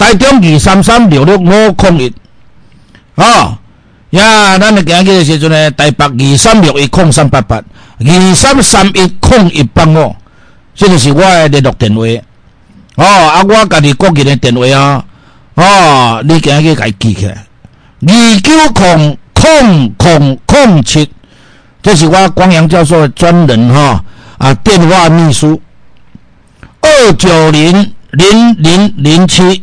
台中二三三六六五空一，哦呀，咱嚟記下嘅時陣咧，台北二三六一空三八八，二三三一空一八五，這個是我的聯絡電話，哦啊，我己國家己個人嘅電話啊，哦，你記下嘅，記起，來，二九空空空空七，這是我光陽教授嘅專人哈，啊，電話秘書，二九零零零零七。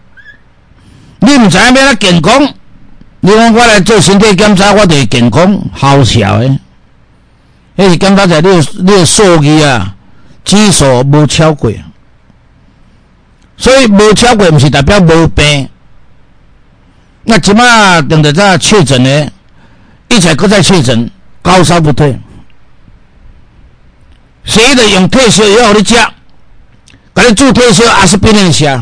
你唔知影咩叫健康？你講我來做身體檢查，我就是健康，好笑誒！迄是檢查一下你的你的數據啊，指數無超過，所以無超過唔是代表無病。那起碼等在在確診誒，一切都在確診，高燒不退，誰在用退燒藥？我哋講，嗰啲做退燒阿是病人寫。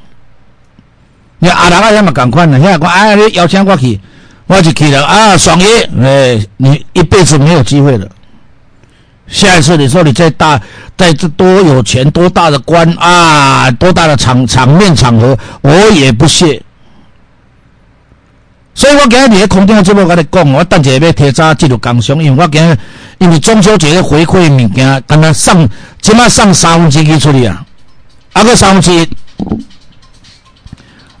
你阿蘭阿先嘛，咁款的，現在我哎，你邀請我去，我去就去了啊，爽約，誒、哎，你一輩子沒有機會了。下一次你說你再大，在這多有錢，多大的官啊，多大的場場面場合，我也不屑。所以我今日喺空中節目，我你講，我等者要提早記錄講聲，因為我今日因為中秋節回饋物件，剛剛上起碼上三分之一出嚟啊，啊，個三分之一。